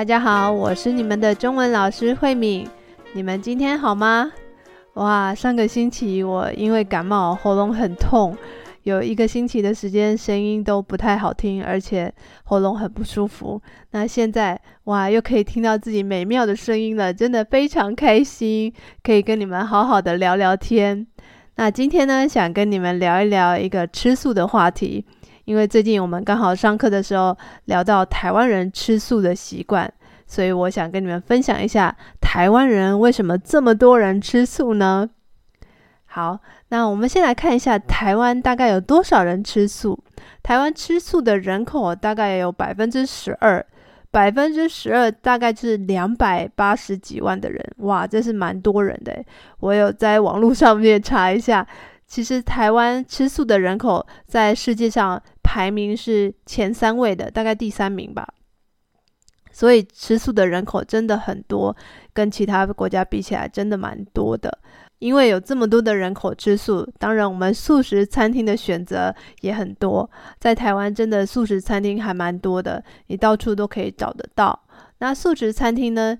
大家好，我是你們的中文老師慧敏。你們今天好嗎？哇，上個星期我因為感冒喉嚨很痛，有一個星期的時間聲音都不太好聽，而且喉嚨很不舒服。那現在哇，又可以聽到自己美妙的聲音了，真的非常開心，可以跟你們好好的聊聊天。那今天呢，想跟你們聊一聊一個吃素的話題。因為最近我們剛好上課的時候聊到台灣人吃素的習慣，所以我想跟你們分享一下台灣人為什麼這麼多人吃素呢？好，那我們先來看一下台灣大概有多少人吃素。台灣吃素的人口大概有百分之十二，百分之十二大概是兩百八十幾萬的人，哇，這是蠻多人的。我有在網路上面查一下，其實台灣吃素的人口在世界上，排名是前三位的，大概第三名吧。所以吃素的人口真的很多，跟其他國家比起來真的蠻多的。因為有這麼多的人口吃素，當然我們素食餐廳的選擇也很多。在台灣真的素食餐廳還蠻多的，你到處都可以找得到。那素食餐廳呢？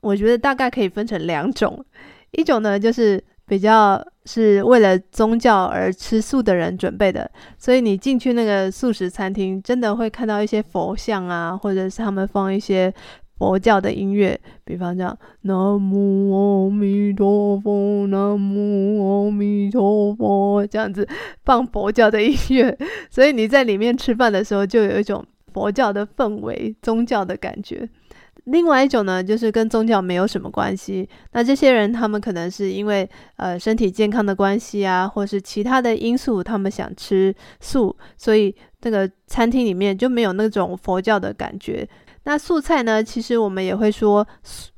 我覺得大概可以分成兩種，一種呢就是。比較是為了宗教而吃素的人準備的，所以你進去那個素食餐廳，真的會看到一些佛像啊，或者是他們放一些佛教的音樂，比方像“南無阿彌陀佛”、“南無阿彌陀佛”這樣子放佛教的音樂，所以你在裡面吃飯的時候，就有一種佛教的氛圍、宗教的感覺。另外一種呢，就是跟宗教沒有什麼關係。那這些人他們可能是因為呃身體健康的關係啊，或是其他的因素，他們想吃素，所以那個餐廳裡面就沒有那種佛教的感覺。那素菜呢，其實我們也會說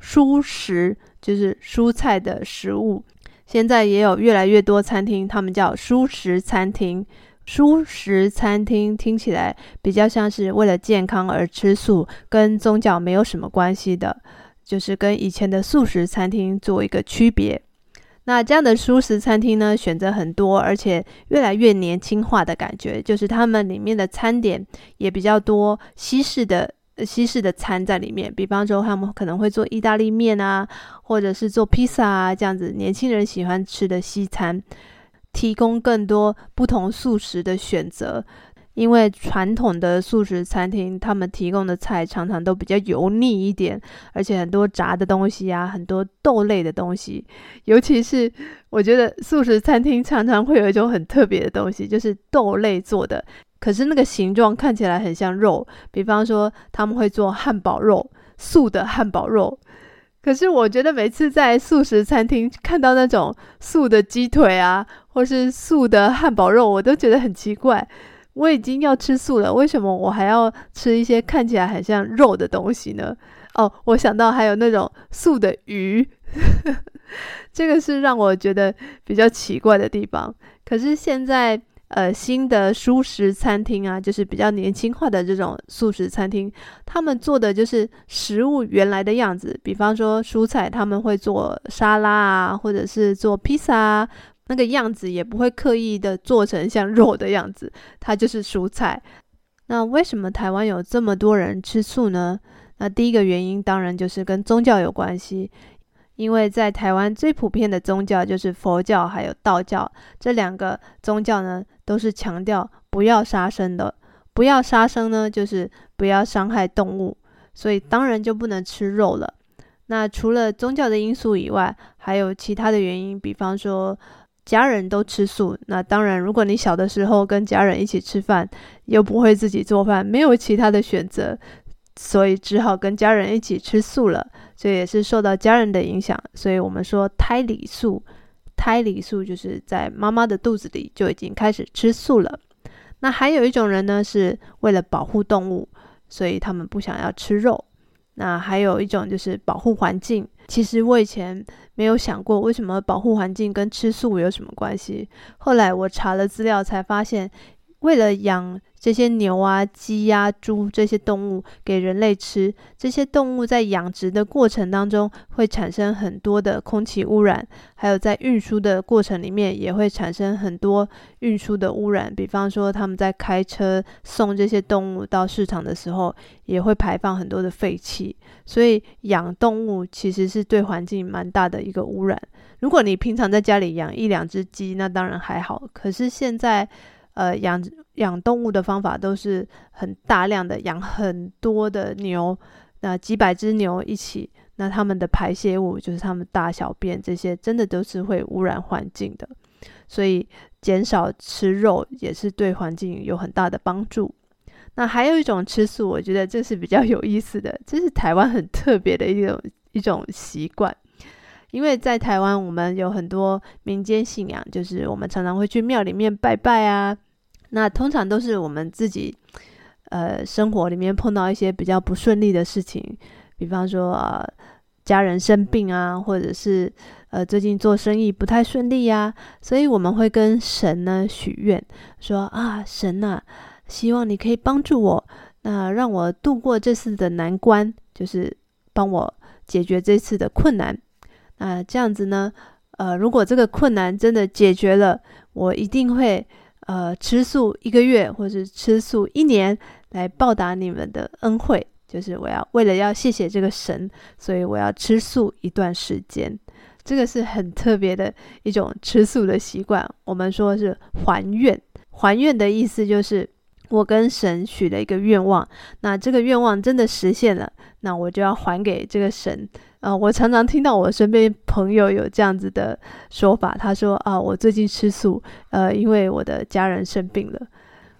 蔬食，就是蔬菜的食物。現在也有越來越多餐廳，他們叫蔬食餐廳。蔬食餐廳聽起來比較像是為了健康而吃素，跟宗教沒有什麼關係的，就是跟以前的素食餐廳做一個區別。那這樣的蔬食餐廳呢，選擇很多，而且越來越年輕化的感覺，就是他們裡面的餐點也比較多西式的西式的餐在裡面，比方說他們可能會做意大利麵啊，或者是做披薩啊這樣子，年輕人喜歡吃的西餐。提供更多不同素食的選擇，因為傳統的素食餐廳他們提供的菜常常都比較油膩一點，而且很多炸的東西啊，很多豆類的東西。尤其是我覺得素食餐廳常常會有一種很特別的東西，就是豆類做的，可是那個形狀看起來很像肉，比方說他們會做漢堡肉，素的漢堡肉。可是我覺得每次在素食餐廳看到那種素的雞腿啊。或是素的漢堡肉，我都覺得很奇怪。我已經要吃素了，為什麼我還要吃一些看起來很像肉的東西呢？哦，我想到還有那種素的魚， 這個是讓我覺得比較奇怪的地方。可是現在，呃，新的素食餐廳啊，就是比較年輕化的這種素食餐廳，他們做的就是食物原來的樣子。比方說蔬菜，他們會做沙拉啊，或者是做披薩啊。那個樣子也不會刻意的做成像肉的樣子，它就是蔬菜。那為什麼台灣有這麼多人吃素呢？那第一個原因當然就是跟宗教有關係，因為在台灣最普遍的宗教就是佛教還有道教，這兩個宗教呢，都是強調不要殺生的。不要殺生呢，就是不要傷害動物，所以當然就不能吃肉了。那除了宗教的因素以外，還有其他的原因，比方說。家人都吃素，那當然，如果你小的時候跟家人一起吃飯，又不會自己做飯，沒有其他的選擇，所以只好跟家人一起吃素了。所以也是受到家人的影響。所以我們說胎裡素，胎裡素就是在媽媽的肚子裡就已經開始吃素了。那還有一種人呢，是為了保護動物，所以他們不想要吃肉。那還有一種就是保護環境。其實我以前沒有想過，為什麼保護環境跟吃素有什麼關係？後來我查了資料才發現，為了養。這些牛啊、雞啊、豬這些動物給人類吃，這些動物在養殖的過程當中會產生很多的空氣污染，還有在運輸的過程裡面也會產生很多運輸的污染。比方說，他們在開車送這些動物到市場的時候，也會排放很多的廢氣。所以養動物其實是對環境蠻大的一個污染。如果你平常在家裡養一兩隻雞，那當然還好。可是現在，呃，養養動物的方法都是很大量的養很多的牛，那、呃、幾百隻牛一起，那他們的排洩物就是他們大小便這些，真的都是會污染環境的。所以減少吃肉也是對環境有很大的幫助。那還有一種吃素，我覺得這是比較有意思的，這是台灣很特別的一種一種習慣。因為在台灣，我們有很多民間信仰，就是我們常常會去廟裡面拜拜啊。那通常都是我們自己，呃，生活裡面碰到一些比較不順利的事情，比方說，呃，家人生病啊，或者是呃最近做生意不太順利呀，啊，所以我們會跟神呢許願，說啊神吶，啊，希望你可以幫助我，那讓我度過這次的難關，就是幫我解決這次的困難。那這樣子呢，呃，如果這個困難真的解決了，我一定會。呃，吃素一個月，或是吃素一年來報答你們的恩惠，就是我要，為了要謝謝這個神，所以我要吃素一段時間。這個是很特別的一種吃素的習慣，我們說是還願，還願的意思就是。我跟神許了一個願望，那這個願望真的實現了，那我就要還給這個神。呃，我常常聽到我身邊朋友有這樣子的說法，他說啊，我最近吃素，呃，因為我的家人生病了。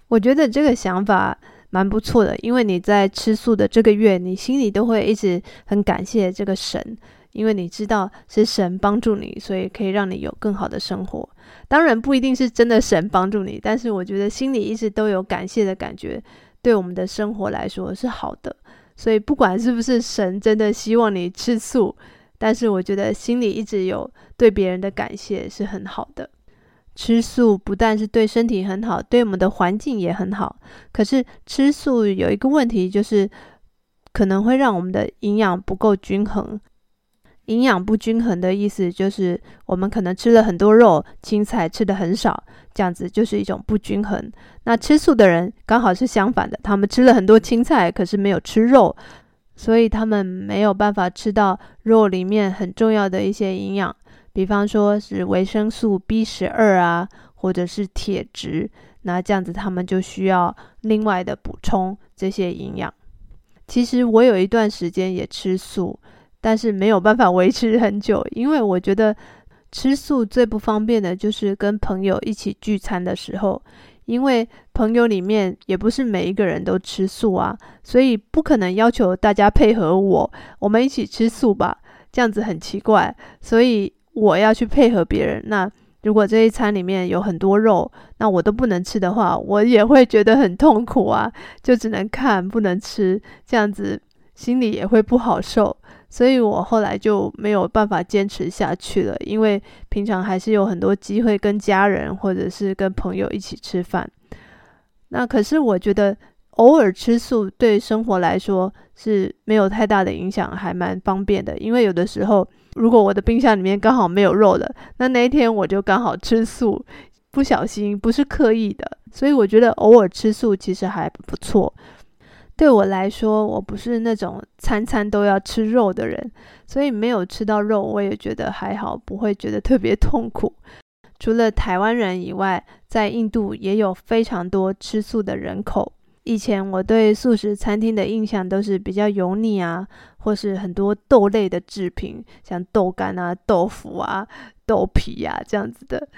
我覺得這個想法蠻不錯的，因為你在吃素的這個月，你心裡都會一直很感謝這個神。因為你知道是神幫助你，所以可以讓你有更好的生活。當然不一定是真的神幫助你，但是我覺得心裡一直都有感謝的感覺，對我們的生活來說是好的。所以不管是不是神真的希望你吃素，但是我覺得心裡一直有對別人的感謝是很好的。吃素不但是對身體很好，對我們的環境也很好。可是吃素有一個問題，就是可能會讓我們的營養不夠均衡。營養不均衡的意思就是，我們可能吃了很多肉，青菜吃得很少，這樣子就是一種不均衡。那吃素的人剛好是相反的，他們吃了很多青菜，可是沒有吃肉，所以他們沒有辦法吃到肉裡面很重要的一些營養，比方說是維生素 B 十二啊，或者是鐵質。那這樣子他們就需要另外的補充這些營養。其實我有一段時間也吃素。但是沒有辦法維持很久，因為我覺得吃素最不方便的就是跟朋友一起聚餐的時候，因為朋友裡面也不是每一個人都吃素啊，所以不可能要求大家配合我，我們一起吃素吧，這樣子很奇怪，所以我要去配合別人。那如果這一餐裡面有很多肉，那我都不能吃的話，我也會覺得很痛苦啊，就只能看，不能吃，這樣子心裡也會不好受。所以我後來就沒有辦法堅持下去了，因為平常還是有很多機會跟家人或者是跟朋友一起吃飯。那可是我覺得偶爾吃素對生活來說是沒有太大的影響，還蠻方便的。因為有的時候如果我的冰箱裡面剛好沒有肉了，那那一天我就剛好吃素，不小心，不是刻意的。所以我覺得偶爾吃素其實還不錯。對我來說，我不是那種餐餐都要吃肉的人，所以沒有吃到肉，我也覺得還好，不會覺得特別痛苦。除了台灣人以外，在印度也有非常多吃素的人口。以前我對素食餐廳的印象都是比較油膩啊，或是很多豆類的製品，像豆乾啊、豆腐啊、豆皮啊這樣子的。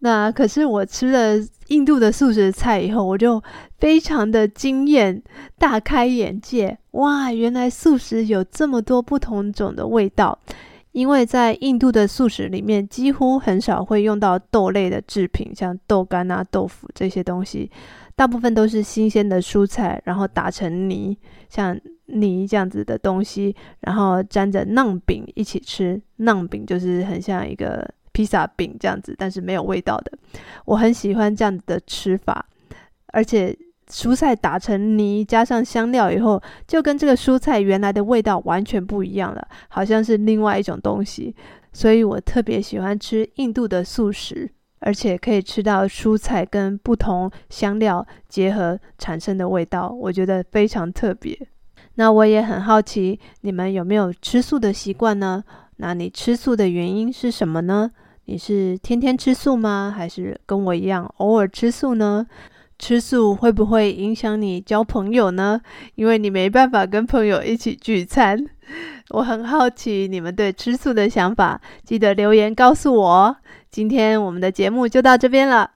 那可是我吃了印度的素食菜以後，我就非常的驚豔，大開眼界。哇，原來素食有這麼多不同種的味道！因為在印度的素食裡面，幾乎很少會用到豆類的制品，像豆乾啊、豆腐這些東西，大部分都是新鮮的蔬菜，然後打成泥，像泥這樣子的東西，然後沾着饢餅一起吃。饢餅就是很像一個。披薩餅這樣子，但是沒有味道的。我很喜歡這樣子的吃法，而且蔬菜打成泥，加上香料以後，就跟這個蔬菜原來的味道完全不一樣了，好像是另外一種東西。所以我特別喜歡吃印度的素食，而且可以吃到蔬菜跟不同香料結合產生的味道，我覺得非常特別。那我也很好奇，你們有沒有吃素的習慣呢？那你吃素的原因是什麼呢？你是天天吃素嗎？還是跟我一樣偶爾吃素呢？吃素會不會影響你交朋友呢？因為你沒辦法跟朋友一起聚餐。我很好奇你們對吃素的想法，記得留言告訴我哦。今天我們的節目就到這邊了。